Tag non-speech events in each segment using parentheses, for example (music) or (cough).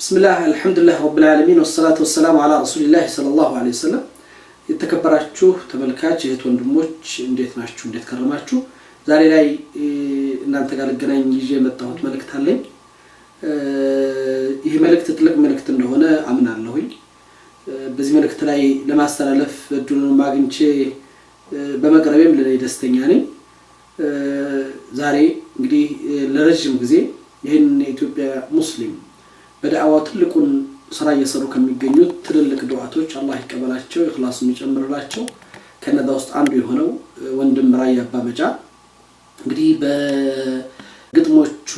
ብስምላህ አልሐምዱሊላህ ረብልዓለሚን ወሰላቱ ወሰላሙ አላ ረሱሊላህ ሰለላሁ ዐለይሂ ወሰለም። የተከበራችሁ ተመልካች እህት ወንድሞች እንዴት ናችሁ? እንዴት ከረማችሁ? ዛሬ ላይ እናንተ ጋር ልገናኝ ይዤ የመጣሁት መልእክት አለኝ። ይህ መልእክት ትልቅ መልእክት እንደሆነ አምናለሁኝ። በዚህ መልእክት ላይ ለማስተላለፍ እድሉንም አግኝቼ በመቅረቤም ለእኔ ደስተኛ ነኝ። ዛሬ እንግዲህ ለረዥም ጊዜ ይህን የኢትዮጵያ ሙስሊም በዳዕዋ ትልቁን ስራ እየሰሩ ከሚገኙት ትልልቅ ድዋቶች አላህ ይቀበላቸው፣ ይክላሱ ይጨምርላቸው። ከነዛ ውስጥ አንዱ የሆነው ወንድም ራያ አባመጫ እንግዲህ በግጥሞቹ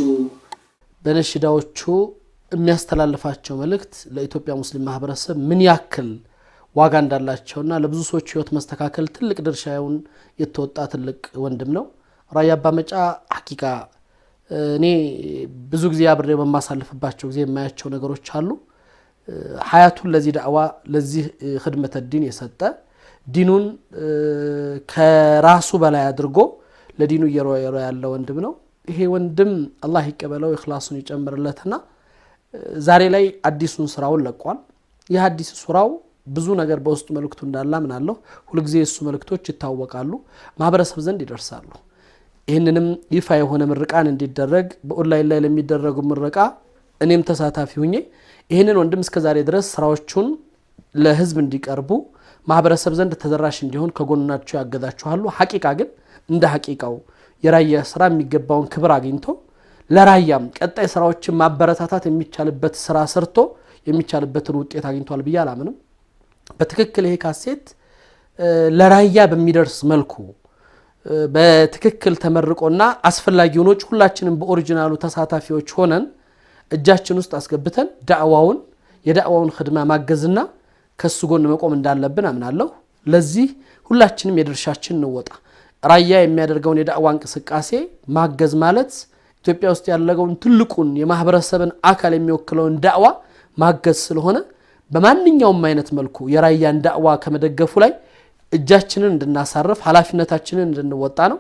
በነሽዳዎቹ የሚያስተላልፋቸው መልእክት ለኢትዮጵያ ሙስሊም ማህበረሰብ ምን ያክል ዋጋ እንዳላቸውና ለብዙ ሰዎች ህይወት መስተካከል ትልቅ ድርሻውን የተወጣ ትልቅ ወንድም ነው ራያ አባመጫ ሀቂቃ እኔ ብዙ ጊዜ አብሬ በማሳልፍባቸው ጊዜ የማያቸው ነገሮች አሉ። ሀያቱን ለዚህ ዳዕዋ ለዚህ ህድመተ ዲን የሰጠ ዲኑን ከራሱ በላይ አድርጎ ለዲኑ እየሮየሮ ያለ ወንድም ነው። ይሄ ወንድም አላህ ይቀበለው እክላሱን ይጨምርለትና ዛሬ ላይ አዲሱን ስራውን ለቋል። ይህ አዲስ ስራው ብዙ ነገር በውስጡ መልእክቱ እንዳለ አምናለሁ። ሁልጊዜ የእሱ መልእክቶች ይታወቃሉ፣ ማህበረሰብ ዘንድ ይደርሳሉ። ይህንንም ይፋ የሆነ ምርቃን እንዲደረግ በኦንላይን ላይ ለሚደረጉ ምረቃ እኔም ተሳታፊ ሁኜ ይህንን ወንድም እስከዛሬ ድረስ ስራዎቹን ለህዝብ እንዲቀርቡ ማህበረሰብ ዘንድ ተደራሽ እንዲሆን ከጎናቸው ያገዛችኋሉ። ሀቂቃ ግን እንደ ሀቂቃው የራያ ስራ የሚገባውን ክብር አግኝቶ ለራያም ቀጣይ ስራዎችን ማበረታታት የሚቻልበት ስራ ሰርቶ የሚቻልበትን ውጤት አግኝቷል ብዬ አላምንም። በትክክል ይሄ ካሴት ለራያ በሚደርስ መልኩ በትክክል ተመርቆና አስፈላጊውን ወጪ ሁላችንም በኦሪጂናሉ ተሳታፊዎች ሆነን እጃችን ውስጥ አስገብተን ዳዕዋውን የዳዕዋውን ክድማ ማገዝና ከሱ ጎን መቆም እንዳለብን አምናለሁ። ለዚህ ሁላችንም የድርሻችን እንወጣ። ራያ የሚያደርገውን የዳዕዋ እንቅስቃሴ ማገዝ ማለት ኢትዮጵያ ውስጥ ያለውን ትልቁን የማህበረሰብን አካል የሚወክለውን ዳዕዋ ማገዝ ስለሆነ በማንኛውም አይነት መልኩ የራያን ዳዕዋ ከመደገፉ ላይ እጃችንን እንድናሳርፍ ኃላፊነታችንን እንድንወጣ ነው።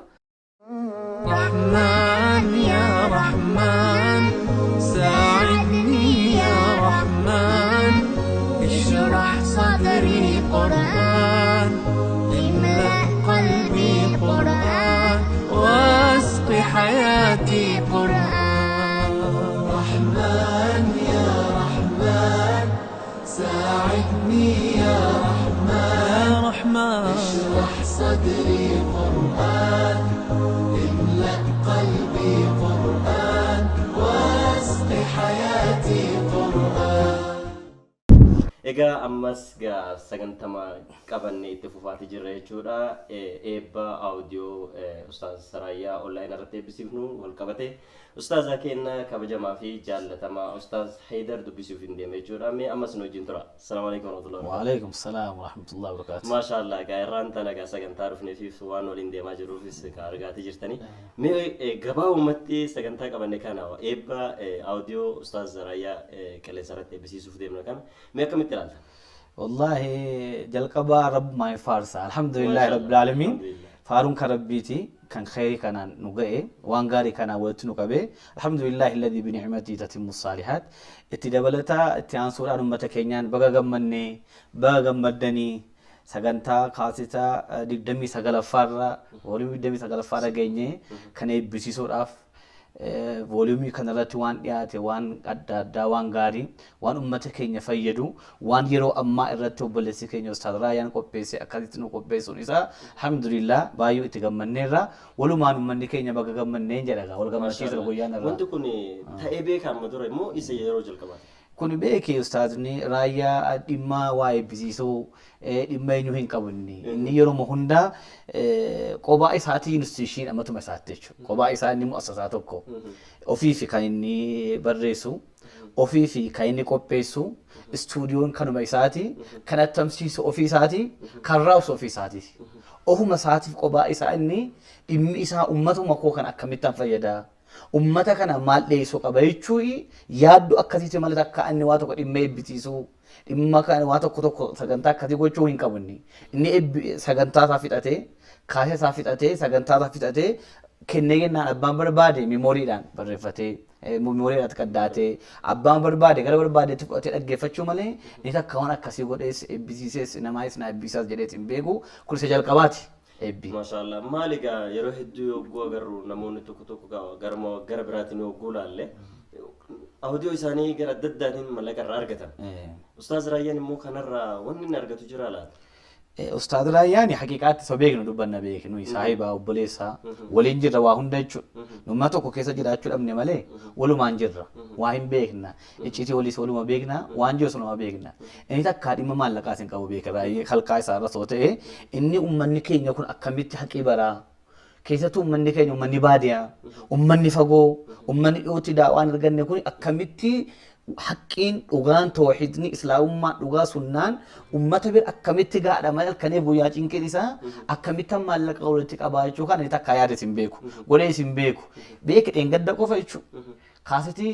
Egaa ammas gaa sagantama qabannee itti fufaati jirra jechuudha. Eebba audio Ustaaz Saraayyaa onlaayinii irratti eebbisiifnu wal qabate ustaza keenya kabajaa fi jaalatamaa ustaaz Haydar dubbisuuf hin deemee jechuudha. Mee ammas nu wajjin tura. Assalamu alaikum warahmatullahi wabarakatuh. Waalaikum salaam warahmatullahi wabarakatuh. Masha Allah gaa irraan talagaa sagantaa dhufneefis waan waliin deemaa jiruufis ka argaatii jirtanii. Mee gabaa uummatti sagantaa qabanne kana eebba audio ustaaz Zarayyaa qilleessa irratti eebbisiisuuf deemna kana mee akkamitti ilaalta? والله جلقبا رب ما يفارس الحمد لله رب العالمين فارون كربيتي kan khayri kanaan nu ga'e waan gaarii kanaan walitti nu qabee alhamdulillahi alladhi binicmatii tatimmu saalihaat itti dabalataa itti aansuudhaan ummata keenyaan baga gammannee baga gammaddanii sagantaa kaasitaa digdamii sagalaffaarra hoolii digdamii sagalaffaarra geenyee kan eebbisiisuudhaaf vooliyumii kanarratti waan dhiyaate waan adda addaa waan gaarii waan uummata keenya fayyadu waan yeroo ammaa irratti obboleessi keenya ustaad raayaan qopheesse akkasitti nu qopheessuun isaa alhamdulillah baay'ee itti gammanneerra walumaan uummanni keenya bakka gammanneen jedha wal gammachiisa guyyaan irraa. Wanti kun ta'ee beekama dura immoo isa yeroo jalqabaati. Kun beekee ustaadni raayyaa dhimmaa waa eebbisiisuu dhimma eenyuu hin qabne inni yeroo hundaa kophaa isaatii yuunivarsiishiin ammatuma isaatti jechuudha. Kophaa isaa inni mu'assasaa tokko ofiifi kan inni barreessu ofiifi kan inni qopheessu istuudiyoon kanuma isaati kan attamsiisu ofii isaati kan raawwisu ofii isaatiiti. Ofuma isaatiif kophaa isaa inni dhimmi isaa uummatuma koo kan akkamittaan fayyada. Ummata kana maal dhiyeessuu qaba jechuun yaaddu akkasiitti malee takka inni waa tokko dhimma eebbisiisuu dhimma waa tokko tokko sagantaa akkasii gochuu hin qabunni. Inni ebbi sagantaa isaa fixatee kaasee isaa fixatee sagantaa isaa fixatee kennee kennaan abbaan barbaade meemoriidhaan barreeffatee meemoriidhaan qaddaatee abbaan barbaade gara barbaadeetti fudhatee dhaggeeffachuu malee inni takka waan akkasii godhees ebbisiisees namaa na ebbisaas jedhees hin beeku kun isa jalqabaati. Ebbi. Maashaallah maali yeroo hedduu yoo yogguu agarru namoonni tokko tokko gara biraatiin yoo yogguu laalle. audio isaanii gara adda addaatiin mallaqa irraa argatan. Ustaaz Raayyaan immoo kanarraa wanni inni argatu jira laata? Ustaaz Raayyaan haqiqaatti isa beeknu dubbanna beeknu saahibaa obboleessaa waliin jirra waa hunda jechuudha. Dhumma tokko keessa jiraachuu dhabne malee walumaan jirra waa hin beekna. Icciitii waliis waluma beekna waan jiru sunuma beekna. Inni takka dhimma maallaqaas hin qabu beeka baay'ee halkaa isaarra soo ta'e inni uummanni keenya kun akkamitti haqii baraa keessattuu uummanni keenya uummanni baadiyyaa uummanni fagoo uummanni dhiyootti daawwaan arganne kun akkamitti haqqiin dhugaan toohidni islaamummaa dhugaa sunnaan uummata bira akkamitti gaadha malee halkanii guyyaa cinqeen isaa akkamitti maallaqa walitti qabaa jechuu kan inni takka yaada isin beeku golee isin beeku beeki dheengadda qofa jechuudha kaasitii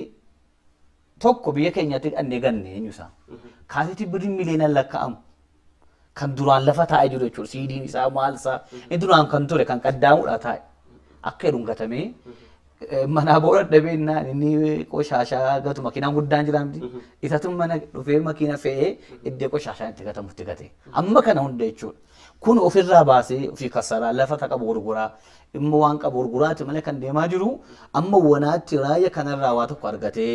tokko biyya keenyatti dhannee ganne eenyu isaa kaasitii birri miliyoonaan lakkaa'amu kan duraan lafa taa'ee jiru jechuudha. Siidiin isaa maal isaa inni duraan kan ture kan qaddaamuudha taa'e. Akka hedduun gatamee manaa booda dhabeenyaan inni qoshaashaa gatu makiinaan guddaan jiraamti. Itatu mana dhufee makiina fe'ee iddoo qoshaashaan itti gatamu itti gate. Amma kana hunda jechuudha. Kun ofirraa baasee ofii kassaraa lafa taqa gurguraa immoo waan qabu gurguraati malee kan deemaa jiru amma wanaatti raayya kanarraa waa tokko argatee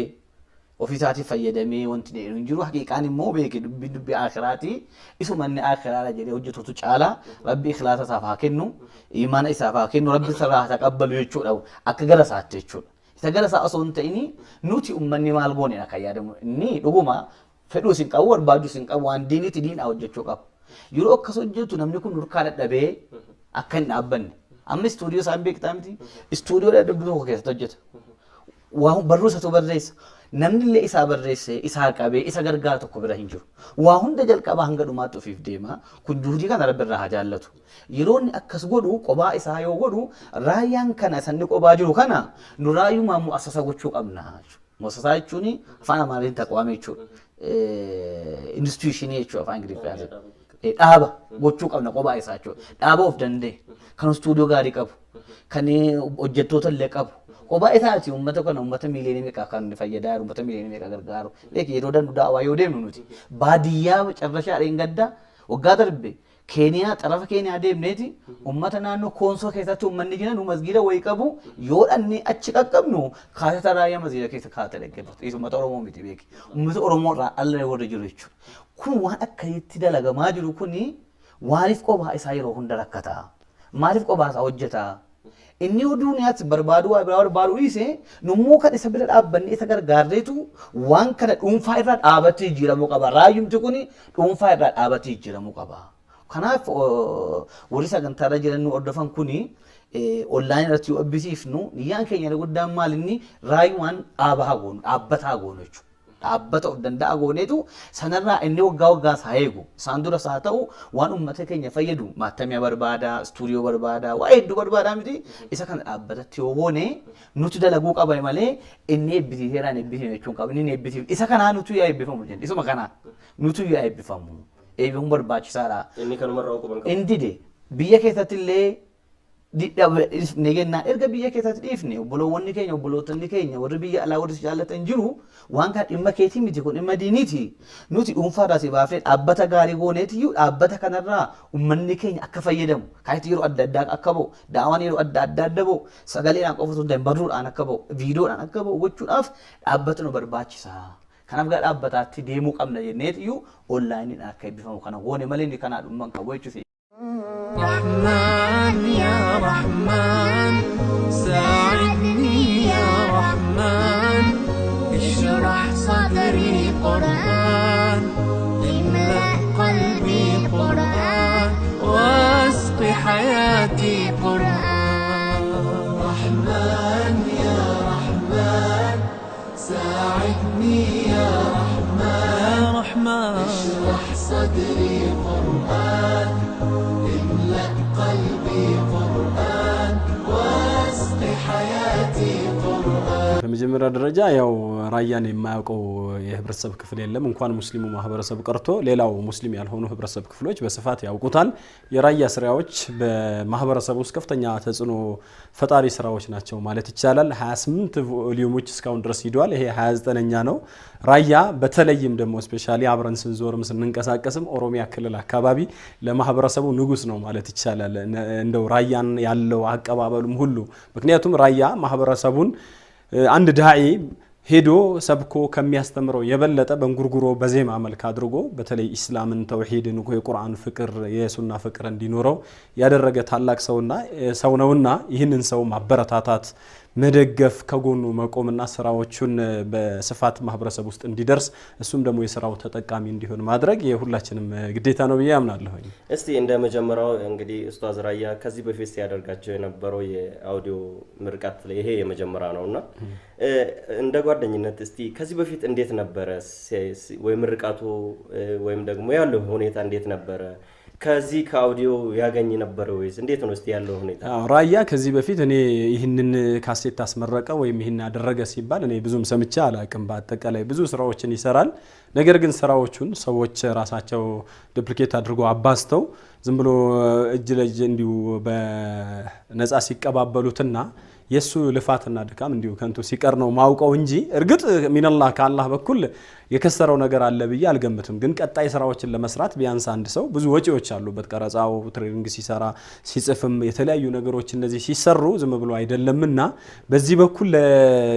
ofiisaati fayyadamee wanti dheeru hin jiru. Haqiiqaan immoo beeke dubbi dubbi aakhiraatii isu manni aakhiraadha jedhee hojjetutu caala rabbi ikhlaasa isaaf haa kennu imaana isaaf haa kennu rabbi sarraa haa qabbalu jechuudha akka gara isaatti jechuudha. Isa gara isaa osoo hin ta'in nuti ummanni maal goone akka yaadamu inni dhuguma fedhuu isin qabu barbaaduu isin qabu waan diiniti diinaa hojjechuu qabu. Yeroo akkas hojjetu namni kun nurkaa dadhabee akka hin dhaabbanne amma istuudiyoo isaan beektaa miti istuudiyoo dadhabbii tokko keessatti hojjeta. Waa barruu isaatu barreessa. namni illee isaa barreesse isaa qabee isa gargaara tokko bira hin jiru. Waa hunda jalqabaa hanga dhumaatti ofiif deema. Kun juhudii kana Rabbi irraa jaallatu. Yeroo inni akkas godhu qobaa isaa yoo godhu raayyaan kana sanni qobaa jiru kana nu raayyumaa asasa gochuu qabna. Moosasaa jechuun afaan Amaariin taqwaame jechuudha. Instituushinii jechuudha afaan Ingiliffaa. Dhaaba gochuu qabna qobaa isaa jechuudha. Dhaaba of danda'e kan istuudiyoo gaarii qabu kan hojjettoota illee qabu Obaa isaati uummata kana uummata miiliyoonii meeqa kan fayyadaaru uummata miiliyoonii meeqa gargaaru beekii yeroo danuu daawaa yoo deemnu nuti baadiyyaa carrashaa dheen gaddaa waggaa darbe keeniyaa xarafa keeniyaa deemneeti uummata naannoo koonsoo keessatti uummanni jiran masgiida wayii qabu yoo dhanni achi qaqqabnu kaasata raayyaa masgiida keessa kaasa dhaggeeffatu isa uummata oromoo miti beekii uummata oromoo irraa alla warra jiru jechuudha kun waan akkasitti dalagamaa jiru kuni waaliif qophaa isaa yeroo hunda rakkataa maaliif qophaa isaa hojjetaa inni oduu nyaati barbaaduu barbaadu dhiise nummuu kan isa bira dhaabbanne isa gargaarreetu waan kana dhuunfaa irraa dhaabatee jijjiiramuu qaba. Raayyumti kun dhuunfaa irraa dhaabatee jijjiiramuu qaba. Kanaaf warri sagantaarra jiran nu hordofan kun onlaayinii irratti yoo abbisiifnu niyyaan keenya inni guddaan maal inni raayumaan dhaabataa goonu jechuudha. dhaabata of danda'a gooneetu sanarraa inni waggaa waggaa isaa eegu isaan duras haa ta'u waan uummata keenya fayyadu maattamiya barbaada istuudiyoo barbaada waa hedduu barbaadaa miti isa kana dhaabbatatti yoo goone nuti dalaguu qaba malee inni eebbisii seeraan eebbisii jechuun qabu inni eebbisii isa kanaa nuti yaa eebbifamu jenna isuma kanaa nuti yaa eebbifamu eebbifamu barbaachisaadha. Inni kanuma kanumarraa qubaan qabu. Indide biyya keessatti illee dhidhabeesneegannaa erga biyya keessatti dhiifne obboloonni keenya obbolootonni keenya warri biyya alaa warri si jaallatan jiru waan kaan dhimma keetii miti kun dhimma diiniiti nuti dhuunfaarraa si baafnee dhaabbata gaarii gooneetiyyuu dhaabbata kanarraa ummanni keenya akka fayyadamu kaayitii yeroo adda addaa akka ba'u daawwan yeroo adda addaa adda ba'u sagaleedhaan qofa osoo dabbaruudhaan akka ba'u viidiyoodhaan akka ba'u gochuudhaaf dhaabbata nu barbaachisa. Kanaaf gaa dhaabbataatti deemuu qabna iyyuu onlaayiniin akka eebbifamu kana goone malee kanaa dhumman qabu jechuuti. Rahman Ya Rahman በመጀመሪያ ደረጃ ያው ራያን የማያውቀው የህብረተሰብ ክፍል የለም። እንኳን ሙስሊሙ ማህበረሰብ ቀርቶ ሌላው ሙስሊም ያልሆኑ ህብረተሰብ ክፍሎች በስፋት ያውቁታል። የራያ ስራዎች በማህበረሰብ ውስጥ ከፍተኛ ተጽዕኖ ፈጣሪ ስራዎች ናቸው ማለት ይቻላል። 28 ቮሊዩሞች እስካሁን ድረስ ሂደዋል። ይሄ 29ኛ ነው። ራያ በተለይም ደግሞ ስፔሻሊ አብረን ስንዞርም ስንንቀሳቀስም ኦሮሚያ ክልል አካባቢ ለማህበረሰቡ ንጉስ ነው ማለት ይቻላል። እንደው ራያን ያለው አቀባበሉም ሁሉ ምክንያቱም ራያ ማህበረሰቡን አንድ ዳዒ ሄዶ ሰብኮ ከሚያስተምረው የበለጠ በእንጉርጉሮ በዜማ መልክ አድርጎ በተለይ ኢስላምን፣ ተውሂድን፣ የቁርአን ፍቅር፣ የሱና ፍቅር እንዲኖረው ያደረገ ታላቅ ሰውና ሰው ነውና ይህንን ሰው ማበረታታት መደገፍ ከጎኑ መቆምና ስራዎቹን በስፋት ማህበረሰብ ውስጥ እንዲደርስ እሱም ደግሞ የስራው ተጠቃሚ እንዲሆን ማድረግ የሁላችንም ግዴታ ነው ብዬ አምናለሁኝ። እስቲ እንደ መጀመሪያው እንግዲህ ኡስታዝ ራያ ከዚህ በፊት ሲያደርጋቸው የነበረው የአውዲዮ ምርቃት ይሄ የመጀመሪያ ነው እና እንደ ጓደኝነት እስቲ ከዚህ በፊት እንዴት ነበረ ወይም ምርቃቱ ወይም ደግሞ ያለው ሁኔታ እንዴት ነበረ? ከዚህ ከአውዲዮ ያገኝ ነበረ ወይስ እንዴት ነው ያለው ሁኔታ? ራያ ከዚህ በፊት እኔ ይህንን ካሴት አስመረቀ ወይም ይህን አደረገ ሲባል እኔ ብዙም ሰምቼ አላቅም። በአጠቃላይ ብዙ ስራዎችን ይሰራል። ነገር ግን ስራዎቹን ሰዎች ራሳቸው ዱፕሊኬት አድርጎ አባዝተው ዝም ብሎ እጅ ለእጅ እንዲሁ በነፃ ሲቀባበሉትና የእሱ ልፋትና ድካም እንዲሁ ከንቱ ሲቀር ነው ማውቀው እንጂ እርግጥ ሚነላህ ከአላህ በኩል የከሰረው ነገር አለ ብዬ አልገምትም። ግን ቀጣይ ስራዎችን ለመስራት ቢያንስ አንድ ሰው ብዙ ወጪዎች አሉበት። ቀረጻው፣ ትሬኒንግ ሲሰራ፣ ሲጽፍም የተለያዩ ነገሮች እነዚህ ሲሰሩ ዝም ብሎ አይደለምና በዚህ በኩል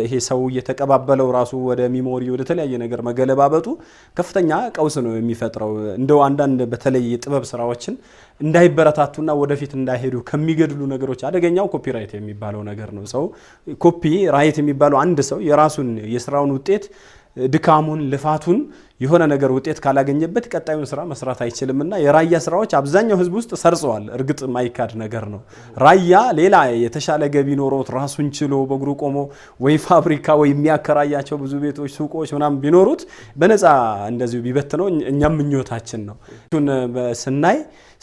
ይሄ ሰው እየተቀባበለው ራሱ ወደ ሚሞሪ ወደ ተለያየ ነገር መገለባበጡ ከፍተኛ ቀውስ ነው የሚፈጥረው። እንደው አንዳንድ በተለይ የጥበብ ስራዎችን እንዳይበረታቱና ወደፊት እንዳይሄዱ ከሚገድሉ ነገሮች አደገኛው ኮፒራይት የሚባለው ነገር ነው። አይደለም። ሰው ኮፒ ራይት የሚባለው አንድ ሰው የራሱን የስራውን ውጤት ድካሙን ልፋቱን የሆነ ነገር ውጤት ካላገኘበት ቀጣዩን ስራ መስራት አይችልም እና የራያ ስራዎች አብዛኛው ህዝብ ውስጥ ሰርጸዋል። እርግጥ ማይካድ ነገር ነው። ራያ ሌላ የተሻለ ገቢ ኖሮት ራሱን ችሎ በእግሩ ቆሞ ወይ ፋብሪካ ወይ የሚያከራያቸው ብዙ ቤቶች፣ ሱቆች ምናምን ቢኖሩት በነፃ እንደዚሁ ቢበት ነው እኛም ምኞታችን ነው ስናይ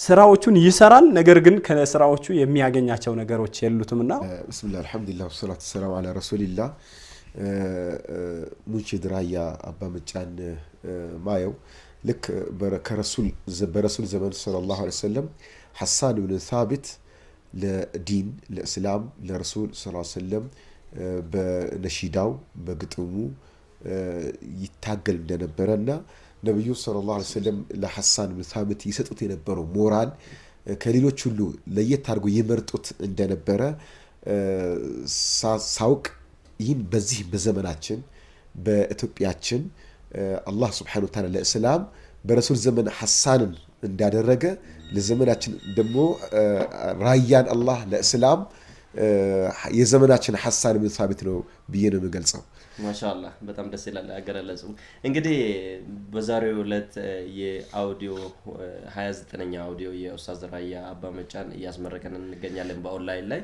ስራዎቹን ይሰራል፣ ነገር ግን ከስራዎቹ የሚያገኛቸው ነገሮች ና ብስምላ አልሐምዱላ ሰላት ሰላም አላ ረሱሊላህ ሙንሽድ ራያ አባ መጫን ማየው ልክ በረሱል ዘመን ሰለላሁ ዐለይሂ ወሰለም ሐሳን ብን ሳቢት ለዲን ለእስላም ለረሱል ስ ሰለም በነሺዳው በግጥሙ ይታገል እንደነበረ እና ነቢዩ ሰለላሁ ዐለይሂ ወሰለም ለሐሳን ብን ሳብት ይሰጡት የነበረው ሞራል ከሌሎች ሁሉ ለየት አድርጎ ይመርጡት እንደነበረ ሳውቅ ይህን በዚህ በዘመናችን በኢትዮጵያችን አላህ ስብሓነሁ ወተዓላ ለእስላም በረሱል ዘመን ሐሳንን እንዳደረገ ለዘመናችን ደግሞ ራያን አላህ ለእስላም የዘመናችን ሐሳን ብን ሳቢት ነው ብዬ ነው የምገልጸው። ማሻላ በጣም ደስ ይላል አገላለጹ። እንግዲህ በዛሬው ዕለት የአውዲዮ 29ኛ አውዲዮ የኡስታዝ ራያ አባ መጫን እያስመረቀን እንገኛለን በኦንላይን ላይ።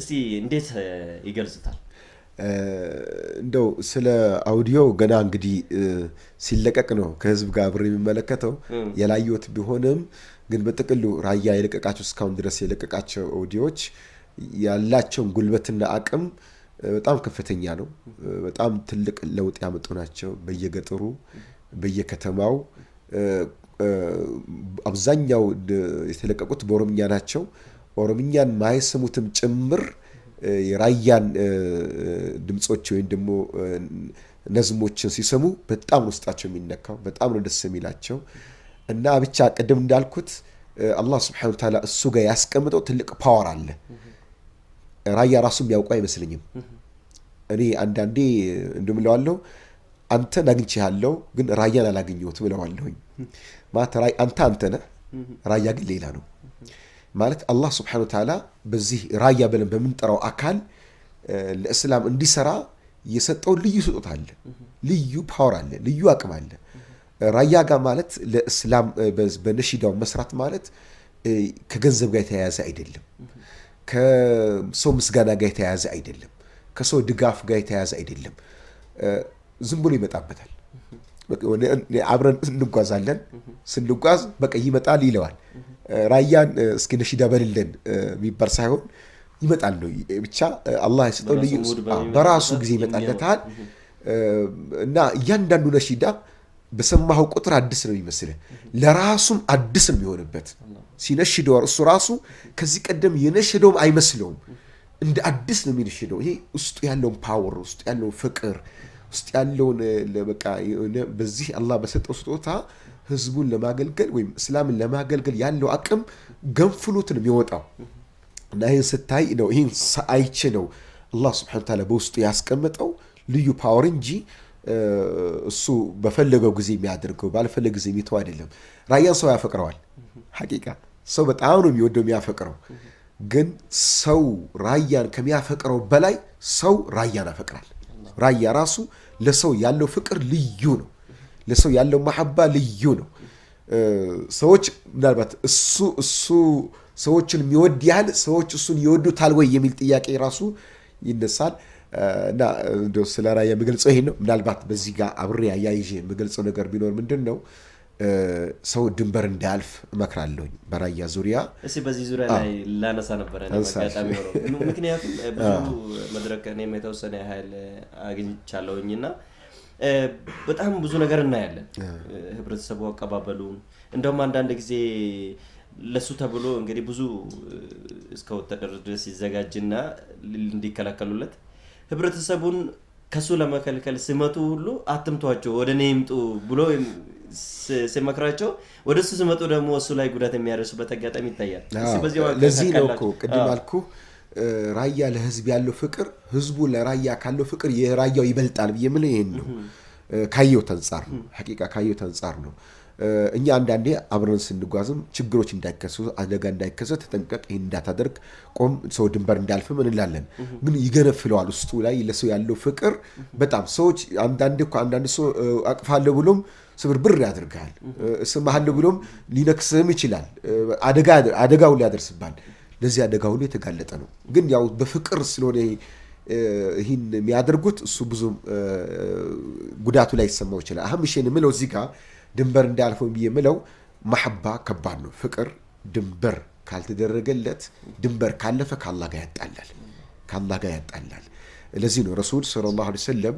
እስቲ እንዴት ይገልጹታል? እንደው ስለ አውዲዮ ገና እንግዲህ ሲለቀቅ ነው ከህዝብ ጋር ብር የሚመለከተው የላየት ቢሆንም ግን በጥቅሉ ራያ የለቀቃቸው እስካሁን ድረስ የለቀቃቸው አውዲዮዎች ያላቸውን ጉልበትና አቅም በጣም ከፍተኛ ነው። በጣም ትልቅ ለውጥ ያመጡ ናቸው። በየገጠሩ በየከተማው አብዛኛው የተለቀቁት በኦሮምኛ ናቸው። ኦሮምኛን ማይሰሙትም ጭምር የራያን ድምፆች ወይም ደግሞ ነዝሞችን ሲሰሙ በጣም ውስጣቸው የሚነካው በጣም ነው ደስ የሚላቸው እና ብቻ ቅድም እንዳልኩት አላህ ስብሐነሁ ተዓላ እሱ ጋር ያስቀምጠው ትልቅ ፓወር አለ። ራያ ራሱ የሚያውቁ አይመስለኝም። እኔ አንዳንዴ እንደም እለዋለሁ አንተን አግኝቼሃለሁ ግን ራያን አላገኘሁትም እለዋለሁኝ። ማለት አንተ አንተ ነህ፣ ራያ ግን ሌላ ነው ማለት አላህ ስብሐነሁ ወተዓላ በዚህ ራያ ብለን በምንጠራው አካል ለእስላም እንዲሰራ የሰጠው ልዩ ስጦታ አለ፣ ልዩ ፓወር አለ፣ ልዩ አቅም አለ። ራያ ጋር ማለት ለእስላም በነሺዳው መስራት ማለት ከገንዘብ ጋር የተያያዘ አይደለም። ከሰው ምስጋና ጋር የተያያዘ አይደለም። ከሰው ድጋፍ ጋር የተያያዘ አይደለም። ዝም ብሎ ይመጣበታል። አብረን እንጓዛለን። ስንጓዝ በቃ ይመጣል ይለዋል። ራያን እስኪ ነሽ በልልን የሚባል ሳይሆን ይመጣል ነው ብቻ። አላህ የሰጠው ልዩ በራሱ ጊዜ ይመጣለታል እና እያንዳንዱ ነሺዳ በሰማኸው ቁጥር አዲስ ነው የሚመስልህ። ለራሱም አዲስ የሚሆንበት ሲነሽደዋር እሱ ራሱ ከዚህ ቀደም የነሸደውም አይመስለውም። እንደ አዲስ ነው የሚነሽደው። ይሄ ውስጡ ያለውን ፓወር፣ ውስጡ ያለውን ፍቅር፣ ውስጡ ያለውን በቃ በዚህ አላህ በሰጠው ስጦታ ህዝቡን ለማገልገል ወይም እስላምን ለማገልገል ያለው አቅም ገንፍሎት ነው የሚወጣው እና ይህን ስታይ ነው ይህን አይቼ ነው አላህ ስብሐነ ወተዓላ በውስጡ ያስቀመጠው ልዩ ፓወር እንጂ እሱ በፈለገው ጊዜ የሚያደርገው ባልፈለገ ጊዜ የሚተው አይደለም። ራያን ሰው ያፈቅረዋል። ሐቂቃ ሰው በጣም ነው የሚወደው የሚያፈቅረው። ግን ሰው ራያን ከሚያፈቅረው በላይ ሰው ራያን ያፈቅራል። ራያ ራሱ ለሰው ያለው ፍቅር ልዩ ነው። ለሰው ያለው ማሐባ ልዩ ነው። ሰዎች ምናልባት እሱ እሱ ሰዎችን የሚወድ ያህል ሰዎች እሱን ይወዱታል ወይ የሚል ጥያቄ ራሱ ይነሳል። እና ስለ ራያ የምገልጸው ይሄ ነው። ምናልባት በዚህ ጋር አብሬ አያይዤ የምገልጸው ነገር ቢኖር ምንድን ነው ሰው ድንበር እንዳያልፍ እመክራለሁኝ። በራያ ዙሪያ እስኪ በዚህ ዙሪያ ላይ ላነሳ ነበረ አጋጣሚ ሆነው (laughs) ምክንያቱም ብዙ መድረክ እኔም የተወሰነ ያህል አግኝቻለሁኝ እና በጣም ብዙ ነገር እናያለን። ህብረተሰቡ አቀባበሉ እንደውም አንዳንድ ጊዜ ለሱ ተብሎ እንግዲህ ብዙ እስከ ወታደር ድረስ ይዘጋጅና እንዲከላከሉለት ህብረተሰቡን ከሱ ለመከልከል ሲመጡ ሁሉ አትምቷቸው፣ ወደ እኔ ይምጡ ብሎ ሲመክራቸው ወደ እሱ ስመጡ ደግሞ እሱ ላይ ጉዳት የሚያደርሱበት አጋጣሚ ይታያል። ለዚህ ነው እኮ ቅድም አልኩ ራያ ለህዝብ ያለው ፍቅር ህዝቡ ለራያ ካለው ፍቅር የራያው ይበልጣል ብዬ የምለው ይሄን ነው። ካየው ተንጻር ነው ሐቂቃ ካየው ተንጻር ነው። እኛ አንዳንዴ አብረን ስንጓዝም ችግሮች እንዳይከሰቱ አደጋ እንዳይከሰት ተጠንቀቅ፣ ይህን እንዳታደርግ፣ ቆም፣ ሰው ድንበር እንዳልፍም እንላለን። ግን ይገነፍለዋል። ውስጡ ላይ ለሰው ያለው ፍቅር በጣም ሰዎች አንዳንድ አንዳንድ ሰው አቅፋለሁ ብሎም ስብርብር ያደርግሃል። እስምሃለሁ ብሎም ሊነክስህም ይችላል። አደጋው ሊያደርስባል። ለዚህ አደጋ ሁሉ የተጋለጠ ነው። ግን ያው በፍቅር ስለሆነ ይህን የሚያደርጉት እሱ ብዙም ጉዳቱ ላይ ይሰማው ይችላል። አሁን ምሽን የምለው እዚህ ጋር ድንበር እንዳያልፈው የምለው ማሐባ ከባድ ነው። ፍቅር ድንበር ካልተደረገለት ድንበር ካለፈ ከአላህ ጋር ያጣላል፣ ከአላህ ጋር ያጣላል። ለዚህ ነው ረሱል ሰለላሁ ዐለይሂ ወሰለም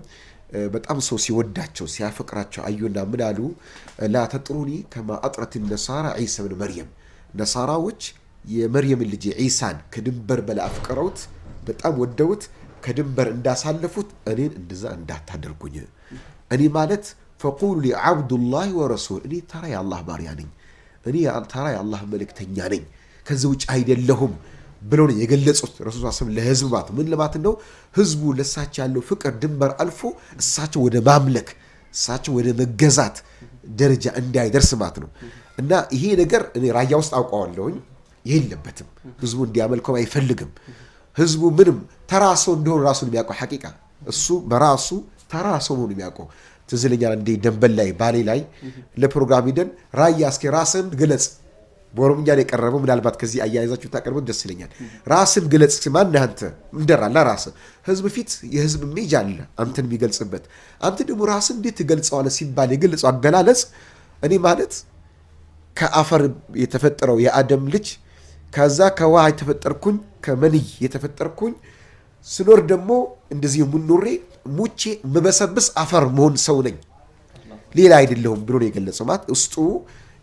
በጣም ሰው ሲወዳቸው ሲያፈቅራቸው አዩና ምን አሉ? ላ ተጥሩኒ ከማ አጥረት ነሳራ ዒሳ ብን መርየም ነሳራዎች የመርየምን ልጅ ዒሳን ከድንበር በላይ አፍቅረውት በጣም ወደውት ከድንበር እንዳሳለፉት እኔን እንደዛ እንዳታደርጉኝ እኔ ማለት ፈቁሉ ሊ ዓብዱላህ ወረሱል እኔ ተራ የአላህ ባሪያ ነኝ፣ እኔ ተራ የአላህ መልእክተኛ ነኝ፣ ከዚህ ውጭ አይደለሁም ብለው ነው የገለጹት። ረሱል ስም ለህዝብ ማለት ምን ልማት ነው? ህዝቡ ለእሳቸው ያለው ፍቅር ድንበር አልፎ እሳቸው ወደ ማምለክ እሳቸው ወደ መገዛት ደረጃ እንዳይደርስ ማለት ነው። እና ይሄ ነገር እኔ ራያ ውስጥ አውቀዋለሁኝ። ይሄ የለበትም ህዝቡ እንዲያመልከው አይፈልግም። ህዝቡ ምንም ተራ ሰው እንደሆነ ራሱን የሚያውቀው ሐቂቃ እሱ በራሱ ተራ ሰው መሆኑ የሚያውቀው ትዝ ይለኛል እንዴ ደንበል ላይ ባሌ ላይ ለፕሮግራም ሂደን ራያ እስኪ ራስን ግለጽ በኦሮምኛ ነው የቀረበው። ምናልባት ከዚህ አያይዛችሁ ታቀርቡት ደስ ይለኛል። ራስን ግለጽ ማን አንተ እንደራላ ራስ ህዝብ ፊት የህዝብ ሜጅ አለ አንተን የሚገልጽበት አንተ ደግሞ ራስ እንዴት ትገልጸዋለህ ሲባል የገለጸው አገላለጽ እኔ ማለት ከአፈር የተፈጠረው የአደም ልጅ ከዛ ከውሃ የተፈጠርኩኝ ከመንይ የተፈጠርኩኝ ስኖር ደግሞ እንደዚህ የሙኖሬ ሙቼ መበሰብስ አፈር መሆን ሰው ነኝ ሌላ አይደለሁም ብሎ ነው የገለጸው። ማለት ውስጡ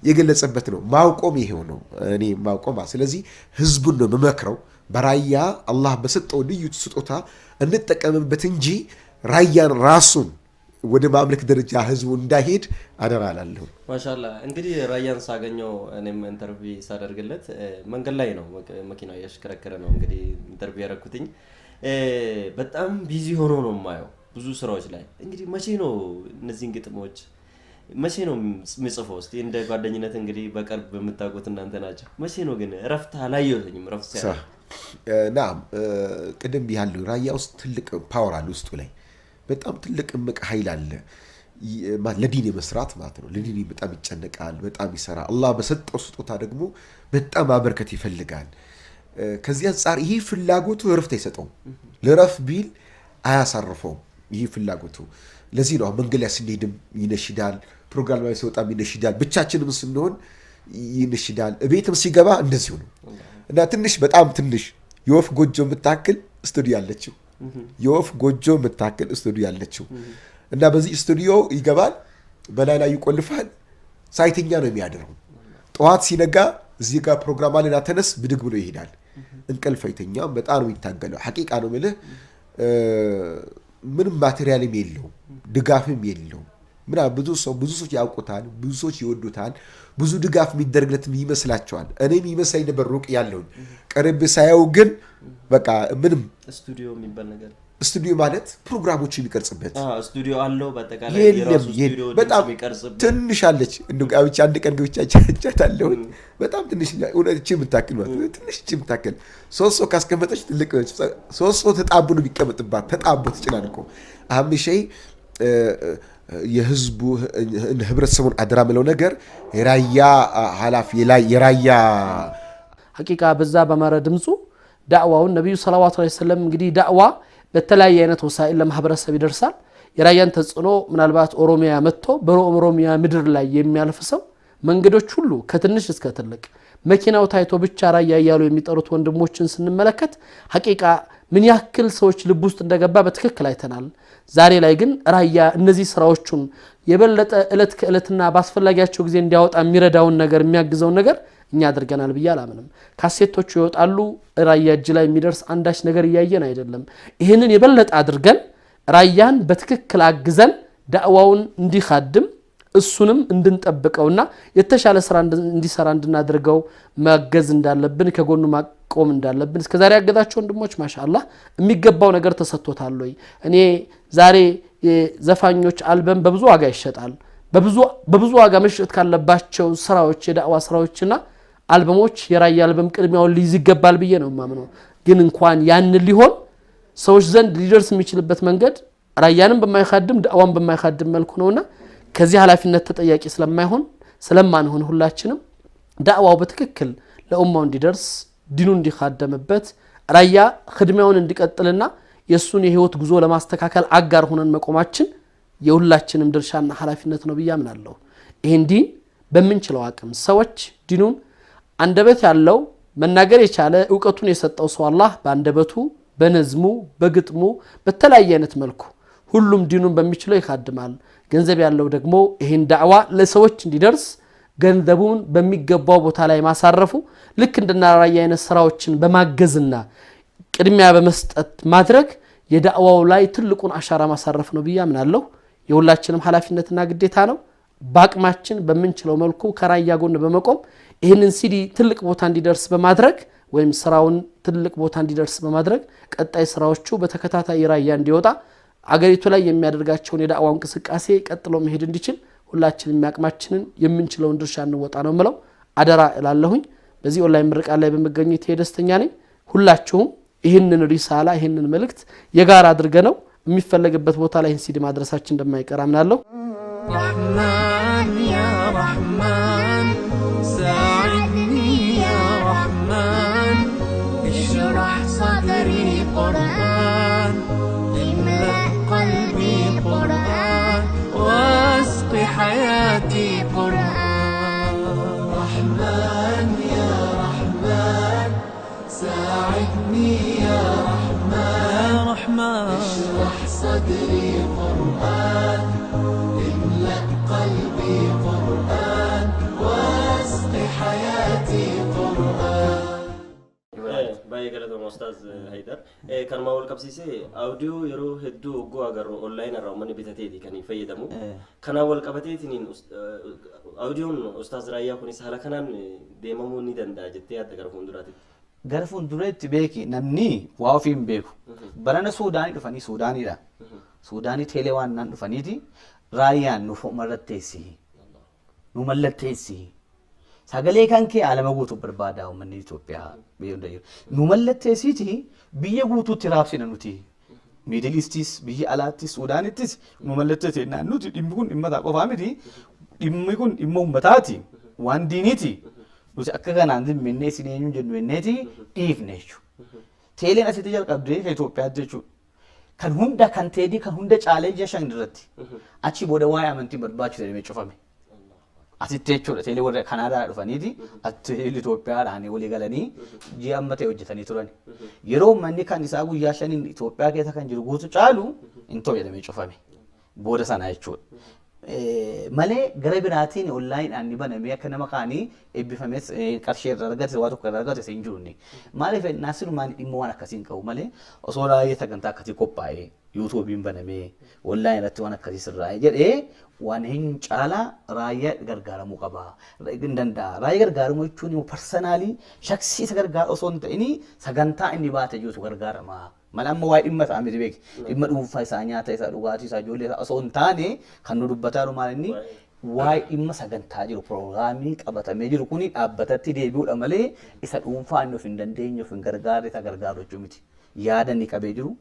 የገለጸበት ነው። ማውቆም ይሄው ነው። እኔ ማውቆም ስለዚህ ህዝቡን ነው የምመክረው። በራያ አላህ በሰጠው ልዩ ስጦታ እንጠቀምበት እንጂ ራያን ራሱን ወደ ማምለክ ደረጃ ህዝቡ እንዳይሄድ አደራ አላለሁ። ማሻላ እንግዲህ ራያን ሳገኘው እኔም ኢንተርቪ ሳደርግለት መንገድ ላይ ነው መኪናው እያሽከረከረ ነው እንግዲህ ኢንተርቪ ያደረኩትኝ በጣም ቢዚ ሆኖ ነው የማየው ብዙ ስራዎች ላይ። እንግዲህ መቼ ነው እነዚህን ግጥሞች መቼ ነው ምጽፈው? እስኪ እንደ ጓደኝነት እንግዲህ በቅርብ የምታውቁት እናንተ ናቸው። መቼ ነው ግን እረፍት አላየሁትኝም። እረፍት ሲያ ቅድም ያሉ ራያ ውስጥ ትልቅ ፓወር አለ ውስጡ ላይ በጣም ትልቅ እምቅ ኃይል አለ። ለዲን መስራት ማለት ነው። ለዲን በጣም ይጨነቃል፣ በጣም ይሰራል። አላህ በሰጠው ስጦታ ደግሞ በጣም አበርከት ይፈልጋል። ከዚህ አንጻር ይህ ፍላጎቱ እረፍት አይሰጠውም። ልረፍ ቢል አያሳርፈውም። ይህ ፍላጎቱ ለዚህ ነው። መንገድ ላይ ስንሄድም ይነሽዳል፣ ፕሮግራም ላይ ሲወጣም ይነሽዳል፣ ብቻችንም ስንሆን ይነሽዳል፣ ቤትም ሲገባ እንደዚሁ ነው እና ትንሽ በጣም ትንሽ የወፍ ጎጆ የምታክል ስቱዲዮ አለችው። የወፍ ጎጆ የምታክል ስቱዲዮ አለችው እና በዚህ ስቱዲዮ ይገባል፣ በላይ ላይ ይቆልፋል፣ ሳይተኛ ነው የሚያደርጉ ጠዋት ሲነጋ እዚህ ጋር ፕሮግራም አለና ተነስ ብድግ ብሎ ይሄዳል። እንቅልፍ አይተኛም። በጣም ነው የሚታገለው። ሐቂቃ ነው የምልህ። ምንም ማቴሪያልም የለውም ድጋፍም የለውም። ምና ብዙ ሰው ብዙ ሰዎች ያውቁታል፣ ብዙ ሰዎች ይወዱታል፣ ብዙ ድጋፍ የሚደረግለትም ይመስላቸዋል። እኔም ይመስላኝ ነበር ሩቅ ያለውን ቀረብ ሳየው ግን በቃ ምንም ስቱዲዮ የሚባል ነገር ስቱዲዮ ማለት ፕሮግራሞች የሚቀርጽበት ስቱዲዮ አለው። በአጠቃላይ በጣም ትንሽ አለች። ብቻ አንድ ቀን ገብቻ ቻት በጣም ትንሽ እቺ የምታክል ማለት ትንሽ እቺ የምታክል ሶስት ሰው ካስቀመጠች ትልቅ ነች። ሶስት ሰው ተጣቡ ነው የሚቀመጥባት። ተጣቡ ተጨናንቆ አምሸይ የህዝቡ ህብረተሰቡን አደራ ምለው ነገር የራያ ኃላፊ የራያ ሀቂቃ በዛ በመረ ድምፁ ዳዕዋውን ነቢዩ ሰለዋቱ ዐለይሂ ወሰለም እንግዲህ ዳዕዋ በተለያየ አይነት ወሳኤል ለማህበረሰብ ይደርሳል። የራያን ተጽዕኖ ምናልባት ኦሮሚያ መጥቶ በኦሮሚያ ምድር ላይ የሚያልፍ ሰው መንገዶች ሁሉ ከትንሽ እስከ ትልቅ መኪናው ታይቶ ብቻ ራያ እያሉ የሚጠሩት ወንድሞችን ስንመለከት ሀቂቃ ምን ያክል ሰዎች ልብ ውስጥ እንደገባ በትክክል አይተናል። ዛሬ ላይ ግን ራያ እነዚህ ስራዎቹን የበለጠ እለት ከዕለትና በአስፈላጊያቸው ጊዜ እንዲያወጣ የሚረዳውን ነገር የሚያግዘውን ነገር እኛ አድርገናል ብዬ አላምንም። ካሴቶቹ ይወጣሉ። ራያ እጅ ላይ የሚደርስ አንዳች ነገር እያየን አይደለም። ይህንን የበለጠ አድርገን ራያን በትክክል አግዘን ዳዕዋውን እንዲካድም እሱንም እንድንጠብቀውና የተሻለ ስራ እንዲሰራ እንድናደርገው ማገዝ እንዳለብን ከጎኑ ማቆም እንዳለብን እስከዛሬ ያገዛቸው ወንድሞች ማሻላ የሚገባው ነገር ተሰጥቶታል ወይ? እኔ ዛሬ የዘፋኞች አልበም በብዙ ዋጋ ይሸጣል። በብዙ ዋጋ መሸጥ ካለባቸው ስራዎች የዳዕዋ ስራዎችና አልበሞች የራያ አልበም ቅድሚያውን ሊይዝ ይገባል ብዬ ነው የማምነው። ግን እንኳን ያንን ሊሆን ሰዎች ዘንድ ሊደርስ የሚችልበት መንገድ ራያንም በማይካድም ዳዕዋን በማይካድም መልኩ ነውና ከዚህ ኃላፊነት ተጠያቂ ስለማይሆን ስለማንሆን ሁላችንም ዳዕዋው በትክክል ለኡማው እንዲደርስ ዲኑ እንዲካደምበት ራያ ህድሚያውን እንዲቀጥልና የእሱን የህይወት ጉዞ ለማስተካከል አጋር ሆነን መቆማችን የሁላችንም ድርሻና ኃላፊነት ነው ብዬ አምናለሁ። ይህን ዲን በምንችለው አቅም ሰዎች ዲኑን አንደበት ያለው መናገር የቻለ እውቀቱን የሰጠው ሰው አላህ በአንደበቱ በነዝሙ በግጥሙ በተለያየ አይነት መልኩ ሁሉም ዲኑን በሚችለው ይካድማል። ገንዘብ ያለው ደግሞ ይህን ዳዕዋ ለሰዎች እንዲደርስ ገንዘቡን በሚገባው ቦታ ላይ ማሳረፉ ልክ እንደናራያ አይነት ስራዎችን በማገዝና ቅድሚያ በመስጠት ማድረግ የዳዕዋው ላይ ትልቁን አሻራ ማሳረፍ ነው ብዬ አምናለሁ። የሁላችንም ኃላፊነትና ግዴታ ነው። በአቅማችን በምንችለው መልኩ ከራያ ጎን በመቆም ይህንን ሲዲ ትልቅ ቦታ እንዲደርስ በማድረግ ወይም ስራውን ትልቅ ቦታ እንዲደርስ በማድረግ ቀጣይ ስራዎቹ በተከታታይ ራያ እንዲወጣ አገሪቱ ላይ የሚያደርጋቸውን የዳዕዋ እንቅስቃሴ ቀጥሎ መሄድ እንዲችል ሁላችን የሚያቅማችንን የምንችለውን ድርሻ እንወጣ ነው ምለው አደራ እላለሁኝ። በዚህ ኦንላይን ምርቃ ላይ በመገኘት ደስተኛ ነኝ። ሁላችሁም ይህንን ሪሳላ ይህንን መልእክት የጋራ አድርገ ነው የሚፈለግበት ቦታ ላይ ሲዲ ማድረሳችን እንደማይቀር አምናለሁ። اشرح صدري قرآن املأ قلبي قرآن واسق حياتي قرآن baay'ee galatooma ustaaz Haydar. Kanuma wal qabsiisee audiyoo yeroo hedduu hogguu agarru onlaayinii irraa uummanni bitateeti kan fayyadamu. Kanaan wal qabateetiin audiyoon ustaaz Raayyaa kunis haala kanaan deemamuu ni danda'a jettee yaadda gara fuulduraatti. gara fuuldureetti beeki namni waa ofiin beeku barana suudaanii dhufanii suudaaniidha suudaanii teelee waan naan dhufaniiti raayyaan nu mallatteessi nu mallatteessi sagalee kan kee alama guutuu barbaadaa uummanni Itoophiyaa biyya hunda jiru nu mallatteessiiti biyya guutuutti raabsina nuti miidil iistis biyya alaattis suudaanittis nu mallatteessi naannuti dhimmi kun dhimmataa qofaa miti dhimmi kun dhimma uummataati waan diiniiti. nuti akka kanaan hin minnee isin eenyuun jennu jenneeti dhiifne jechuudha. Teeleen asitti jalqabdee kan Itoophiyaatti jechuudha. Kan hunda kan teedii kan hunda caalee ji'a shan irratti achi booda waa'ee amantii barbaachisa jedhamee cufame. Asitti jechuudha teelee warra Kanaadaadhaa dhufaniiti teelee Itoophiyaadhaan walii galanii ji'a amma ta'e hojjetanii turani. Yeroo manni kan isaa guyyaa shaniin Itoophiyaa keessa kan jiru guutu caalu hin ta'u jedhamee cufame. Booda sana jechuudha. malee gara biraatiin onlaayinidhaan ni baname akka nama kaanii eebbifames qarshee irra argate waa tokko irra argate hin jirunni. Maaliif naasirumaan dhimma waan akkasiin qabu malee osoo laayee sagantaa akkasii qophaa'ee yuutuubiin banamee onlaayin irratti waan akkasii sirraa'ee jedhee waan hin caalaa raayyaa gargaaramuu qaba. Hin danda'a. Raayyaa gargaaramuu jechuun immoo parsanaalii shaksiisa gargaara osoo hin ta'in sagantaa inni baate jiru gargaarama. Malaan waa'ee dhimma isaa miti beeki. Dhimma dhuunfaa isaa, nyaata isaa, dhugaatii isaa, ijoollee isaa osoo hin taane kan nu dubbataa maal inni waa'ee dhimma sagantaa jiru piroograamii qabatamee jiru kuni dhaabbatatti deebi'uudha malee isa dhuunfaa inni of hin dandeenye, of hin gargaarre isa gargaaru jechuu miti. Yaada inni qabee jiru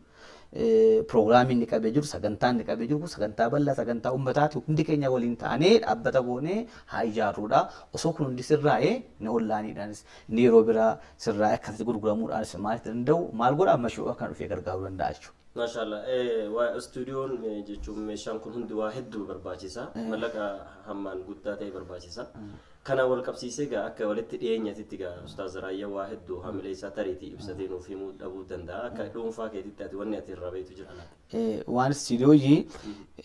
Piroograamiin ni qabee jiru, sagantaan ni qabee jiru, sagantaa bal'aa, sagantaa uummataati hundi keenya waliin ta'anii dhaabbata goonee haa ijaarrudha. Osoo kun hundi sirraa'ee ni ollaaniidhaanis inni yeroo biraa sirraa'ee akkasitti gurguramuudhaanis maal danda'u maal godha ammashi'oo akka dhufee gargaaruu danda'a jechuudha. Maashaallah, istuudiyoon jechuun meeshaan kun hundi waa hedduu barbaachisa. Mallaqa hammaan guddaa ta'e barbaachisa. kana wal qabsiisee gaa akka walitti dhiyeenyatitti gaa ustaaz raayyaa waa hedduu hamilee isaa tariitii ibsatee nuuf himuu dhabuu danda'a akka dhuunfaa keetitti ati wanni ati irraa beektu jira. Waan istiidiyoojii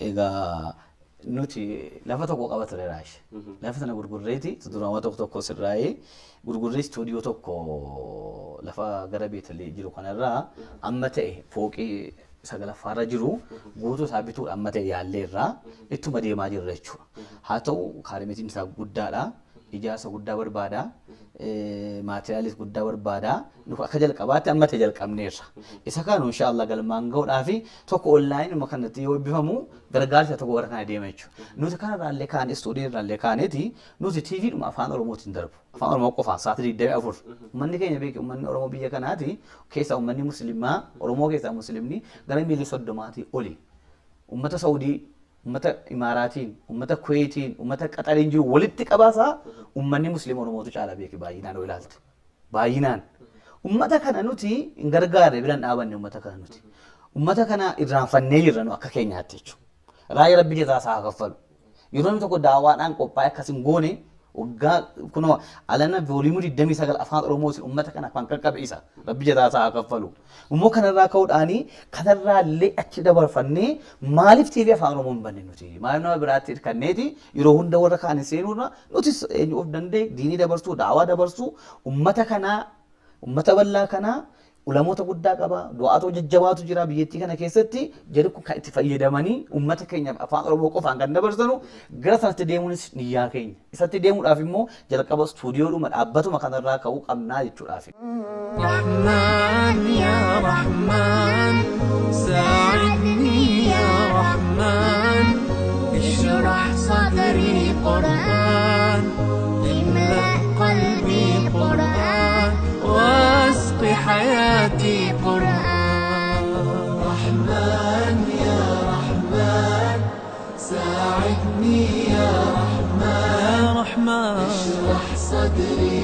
egaa nuti lafa tokko qaba ture raash lafa sana gurgurreeti duraawaa tokko tokko sirraa'ee gurgurree istuudiyoo tokko lafa gara beetalee jiru kanarraa amma ta'e fooqii sagalaffaarra jiru guutuu isaa bituudhaan amma ta'e yaalleerraa ittuma deemaa jirra jechuudha haa ta'u kaarimeetiin isaa guddaadha. ijaarsa guddaa barbaada, maatiriyaalis guddaa barbaada. Nuuf akka jalqabaatti amma ta'e jalqabneerra. Isa kaanu inshaallah galmaan gahuudhaa fi tokko onlaayin onlaayinuma kanatti yoo eebbifamu gargaarsa tokko warra kana deema jechuudha. Nuti kanarraallee kaane irraallee kaaneeti nuti dhuma afaan oromootiin darbu. Afaan oromoo qofaan sa'aatii afur. Uummanni keenya beeku uummanni oromoo biyya kanaati keessaa uummanni musliimaa oromoo keessaa musliimni gara miilii soddomaatii oli. Uummata Saawudii ummata imaaraatiin ummata kuweetiin ummata qaxariin jiru walitti qabaasaa ummanni musliima oromootu caalaa beeku baay'inaan yoo ilaalte baay'inaan ummata kana nuti hin gargaarre biraan dhaabanne ummata kana nuti ummata kana irraanfannee jirra nu akka keenyaatti jechuudha raayyaa rabbi keessaa isaa kaffalu yeroo inni tokko daawwaadhaan qophaa'e akkas hin goone waggaa kunoo alana vooliimii 27 afaan Oromootiin uummata kana afaan qaqqabeessa rabbi jataasaa haa kaffalu. Immoo kanarraa ka'uudhaanii kanarraa illee achi dabarfannee maaliif TV afaan Oromoo hin banne nuti maaliif nama biraatti hirkanneeti yeroo hunda warra kaan seenuurra nutis eenyu of dandee diinii dabarsuu daawaa dabarsuu uummata kanaa uummata bal'aa kanaa ulamoota guddaa qaba du'aatoo jajjabaatu jira biyyattii kana keessatti jedhu kan itti fayyadamanii uummata keenyaaf afaan oromoo qofaan kan dabarsanu gara sanatti deemuunis niyyaa keenya isatti deemuudhaaf immoo jalqaba istuudiyoodhuma dhaabbatuma kanarraa ka'uu qabnaa jechuudhaaf. Rahmaan yaa Rahmaan saacidni yaa Rahmaan ishrah sadrii qoraan. باقي حياتي قرآن رحمن يا رحمن ساعدني يا رحمن يا رحمن اشرح صدري